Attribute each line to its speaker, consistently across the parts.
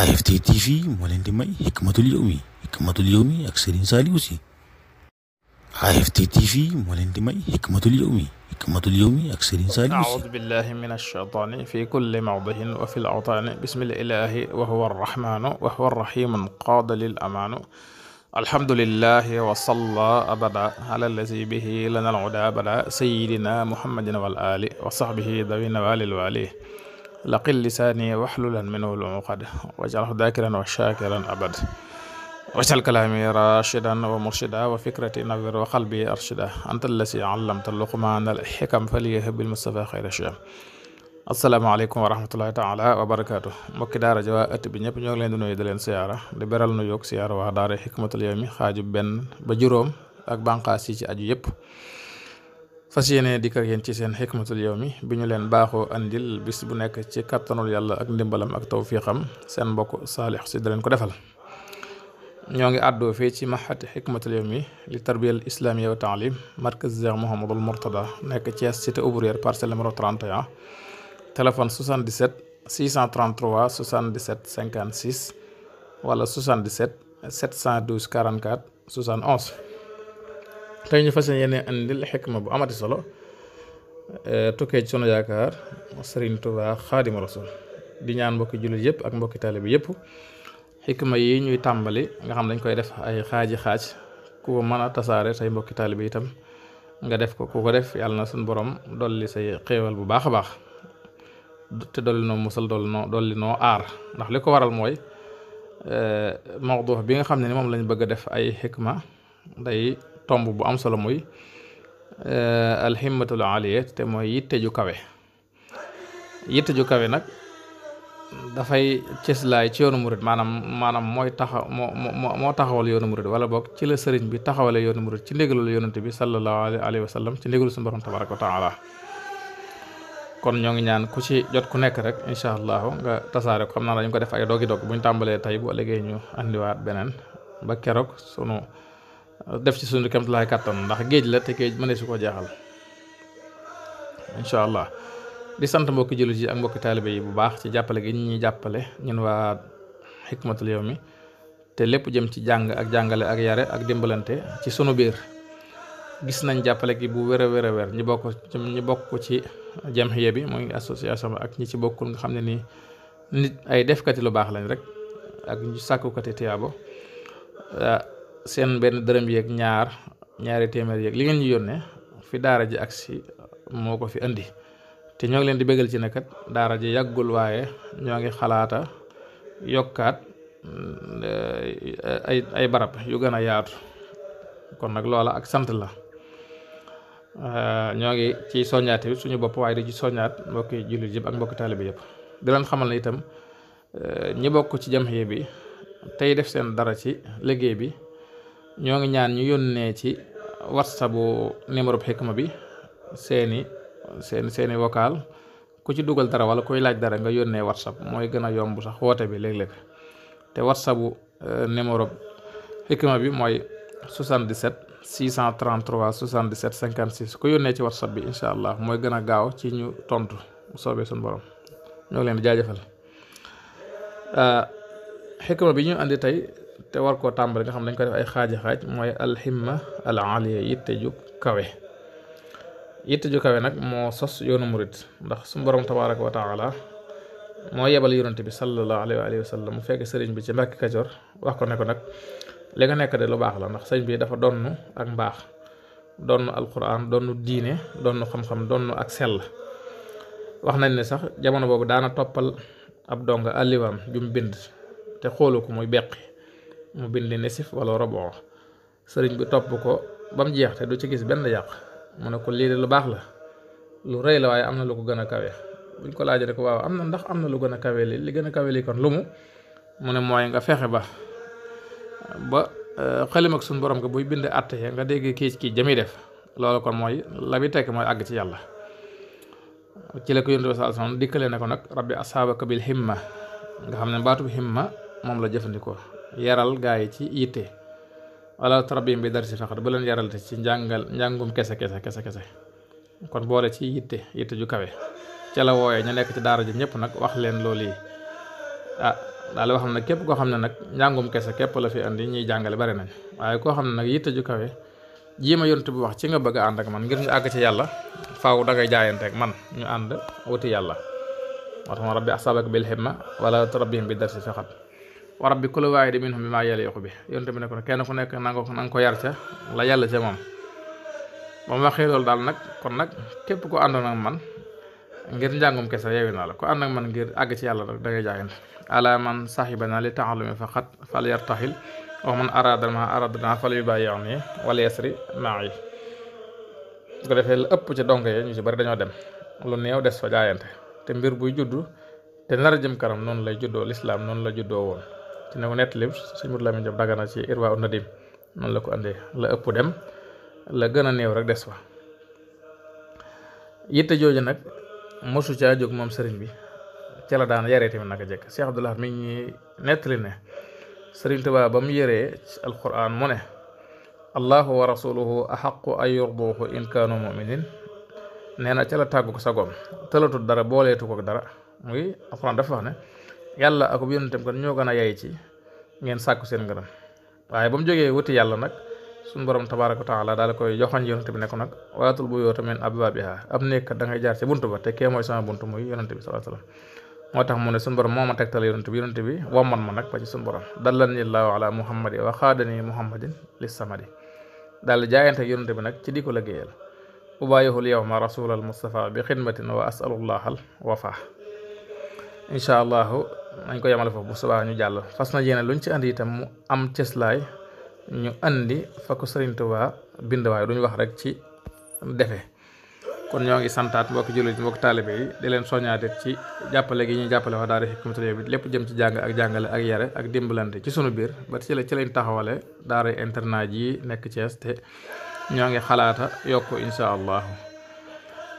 Speaker 1: AFT TV moo leen di may Hikmatul Yawmi Hikmatul Yawmi ak Serigne Saliou Sy AFT TV moo leen di may Hikmatul Yawmi Hikmatul Yawmi ak Serigne Saliou Sy a'uudu billahi mina shaytaani fi kulli mawdi'in wa fil awtaani bismil ilaahi wa huwa arrahmaanu wa huwa arrahiimu qaada lil amaanu alhamdulillahi wa salla abada ala allazi bihi lana al-'udaa abada sayyidina muhammadin wal aali wa sahbihi dawina waalil waali laqil lisaani waxlulan minhu lumuqad wajalhu dakiran wa shakiran abad wajal kalaami rashidan wa murshida wa fikrati nawir wa qalbi arshida anta allasi allamta luqmaan al xikam faliyah bil mustafa xayra sham asalaamaaleykum wa rahmatullahi taala wa barakaatu mbokki daara ja waa bi ñëpp ñoo ngi leen di nuyu di leen siyaara di beral nu yoog siyaara xikmatul yawmi xaaju benn ba juróom ak bànqaas yi ci aju yëpp fas yéene di ak yéen ci seen xikmatul mi bi ñu leen baaxoo andil bis bu nekk ci kattanul yàlla ak ndimbalam ak tawfiqam seen mbokk saalix si da leen ko defal ñoo ngi àddoo fii ci maxat xikmatul mi li tarbiyal islamiyya wa taalim markaz Cheikh Mouhamadul Mourtada nekk Thiès cité ouvrière parcelle numéro 31 téléphone 77 633 77 56 wala 77 712 44 71 tey ñu fas yéene andil xikma bu amati solo eh, tukkee ci sunu yaakaar Sëriñ Tuubaa Xaadimu Rasuul di ñaan mbokki jullit yëpp ak mbokki taalibe yëpp xikma yi ñuy tàmbali nga xam dañ koy def ay xaaji xaaj ku ko mën a tasaare say mbokki taalibe itam nga def ko ku ko def yàlla na suñu borom dolli say xéewal bu baax a baax te dolli noo musal dolli noo dolli noo aar ndax li ko waral mooy eh, mawdu bi nga xam ne ni moom lañu bëgg a def ay xikma day tomb bu am solo muy eh, alhimmatul aliya te mooy yitte ju kawe yitte ju kawe nag dafay cëslaay ci yoonu murid maanaam maanaam mooy taxaw moo moo moo taxawal yoonu murid wala boog ci la sëriñ bi taxawale yoonu murid ci ndigalul yonante bi sallallahu alayhi wa sallam ci ndigalul suñu borom tabaraka wa taala kon ñoo ngi ñaan ku ci jot ku nekk rek incha allahu nga tasaare ko xam naa dañu ko def ay dogi dog bu ñu tàmbalee tey boo ëllëgee ñu indiwaat beneen ba keroog sunu def ci suñu kemt laay kàttan ndax géej la te géej mënee su ko jaaxal incha allah di sant mbokki jullit yi ak mbokki taalibe yi bu baax ci jàppale gi ñuy jàppale ñun waa xikmatul yawmi te lépp jëm ci jàng ak jàngale ak yare ak dimbalante ci sunu biir gis nañ jàppale gi bu wér a ñi bokk ñi bokk ci jamhiya bi muy association ak ñi ci bokkul nga xam ne nii nit ay defkati lu baax lañ rek ak ñu sàkkukati tiyaabo seen benn dërëm yeeg ñaar ñaari téeméer yeeg li ngeen ñu yónnee fi daara ji agsi moo ko fi indi te ñoo ngi leen di bégal ci nekkat daara ji yàggul waaye ñoo ngi xalaata yokkaat mm, ay barab yu gën a yaatu kon nag loola ak sant la ñoo ngi ci soññaate bi suñu bopp waaye di ci soññaat mbokki jullit yëpp ak mbokki taalibe yëpp di leen xamal na itam eh, ñi bokk ci jamhiya bi tey def seen dara ci liggéey bi ñoo ngi ñaan ñu yónnee ci whatsapp bu numéro Hikma bi seeni seen seeni vocal ku ci dugal dara wala kuy laaj dara nga yónnee whatsapp mooy gën a yomb sax woote bi léeg-léeg te whatsapp bu euh, numéro Hikma bi mooy 77 633 77 56 ku yónnee ci whatsapp bi incha allah mooy gën a gaaw ci ñu tontu soobee suñu borom ñoo ngi leen di jaajëfal euh, Hikma bi ñu andi tey. te war koo tàmbali nga xam ne dañ ko def ay xaaji xaaj mooy alximma al aliya yitte ju kawe yitte ju kawe nag moo sos yoonu murit ndax su borom tabaraka wa taala moo yebal yonante bi sallallahu alayhi wa mu fekk sëriñ bi ci Mbàkke Kajoor wax ko ne ko nag li nga nekk de lu baax la ndax sañ bii dafa donn ak mbaax donn alquran donn diine donn xam-xam donn ak sell wax nañ ne sax jamono boobu daana toppal ab donga alliwaam jum bind te xoolu ko muy beqi mu bind nisif wala robo sëriñ bi topp ko ba mu jeex te du ci gis benn yàq mu ne ko lii de lu baax la lu rëy la waaye am na lu ko gën a kawe buñ ko laajee rek waaw am na ndax na lu gën a kawe li gën a kawe kon lu mu ne mooy nga fexe ba ba euh, xalim ak suñu borom nga buy bind àtte nga dégg kii kii jëmi def loolu kon mooy la bi tekk mooy àgg ci yàlla ci la ko yonent bi sallallahu alayhi wasallam ne ko nag rabbi asaabaka bil himma nga xam ne baatub himma moom la jëfandikoo yaral gaa yi ci yitte wala tarbiyam bi darsi faqat bu leen yaral te ci njàngal njàngum kese kese kese kese kon boole ci yitte yitte ju kawe ca la wooyee ñu nekk ci daara ji ñëpp nag wax leen loolu yi ah daal wax na képp koo xam ne nag njàngum kese képp la fi andi ñuy jàngale bari nañ waaye koo xam ne nag yitte ju kawe jii ma yont bu wax ci nga bëgg ànd ak man ngir ñu àgg ci yàlla faaw dangay jaayante ak man ñu ànd wuti yàlla moo tax ma rabbi bi darsi faqat wa rabbi kulli waahidin minhum bimaa yaliiqu bi yonent bi ne ko ku nekk na ko na nga ko yar ca la yàlla ca moom ba mu waxee loolu daal nag kon nag képp ko àndoon ak man ngir njàngum kese yeewi naa la ko ànd ak man ngir àgg ci yàlla rek da ngay jaayante ala man sahibana li ta'allumi faqat fal yartahil wa man arada ma aradna fal yu wal yasri ma'i su ko defee la ëpp ca donk yi ñu ci bari dañoo dem lu néew des fa jaayante te mbir buy juddu te nar jëm kanam noonu lay juddoo lislaam noonu la juddoo ci ne ko nettali sëñ Modou Lamine Diop dagana ci irwa u nadim noonu la ko andee la ëpp dem la gën a néew rek des fa yitte jooju nag mosu caa jóg moom sëriñ bi ca la daan yaree tamit naka jekk Cheikh Abdoulah mi ngi nettali ne sëriñ Tuubaa ba mu yëree alquran mu ne allahu wa rasuluhu axaqu ay yurduuhu in kaanu muminin nee na ca la tàggu ko sagoom tëlatut dara booleetu ko dara muy alquran dafa wax ne yàlla akub yonentam kon ñoo gën a yaay ci ngeen sàkku seen ngërëm waaye ba mu jógee wuti yàlla nag suñu borom tabaaraka wa taala daal koy joxoñ yonent bi nekk nag waatul bu yoota min abwaabiha ab nekk da ngay jaar ci buntu ba te kee mooy sama buntu muy yonent bi sallallahu alayhi wasallam moo tax mu ne suñu borom moo ma tegtal yonent bi yonent bi womman ma nag ba ci suñu borom dallani llaahu ala muhammadi wa xaadani muhammadin lis samadi daal jaayante yonent bi nag ci di ko liggéeyal nañ ko yemale foofu bu subaa ñu jàll fas na lu ñu ci andi itam mu am cëslaay ñu indi fa ko Sëriñ Tuubaa bind waaye duñ wax rek ci defe kon ñoo ngi santaat mbokki jullit mbokki taalibe yi di leen soññaate ci jàppale gi ñuy jàppale wax daara Hikmatul Yawmi bi lépp jëm ci jàng ak jàngale ak yare ak dimbalante ci sunu biir ba ci la ci lañ taxawale daara internat yi nekk Thiès te ñoo ngi xalaata yokk incha allah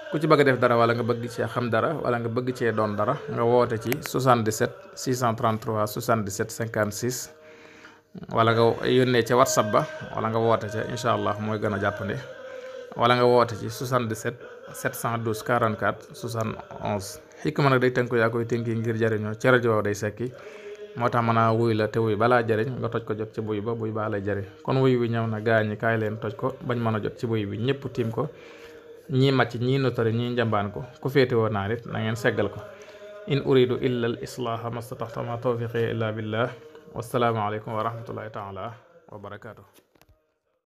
Speaker 1: ku ci bëgg def dara wala nga bëgg cee xam dara wala nga bëgg cee doon dara nga woote ci 77 633 77 56 wala nga yónnee ca whatsapp ba wala nga woote ca incha allah mooy gën a jàppandi wala nga woote ci 77 712 44 71 xikma nag day tënk yaa koy tënki ngir jariñoo ci rajo day sekki moo tax mën a wuy la te wuy balaa jariñ nga toj ko jot ci buy ba buy baa lay jariñ kon wuy wi ñëw na gaañi kaay leen toj ko bañ mën a jot ci buy bi ñëpp tiim ko ñii màcc ñii notari ñii njambaan ko ku féete woon naa nit na ngeen seggal ko in uridu illa al islaaha mastataxtama tawfiqi illa billah wasalaamu aleykum wa rahmatullahi taala wa barakaatu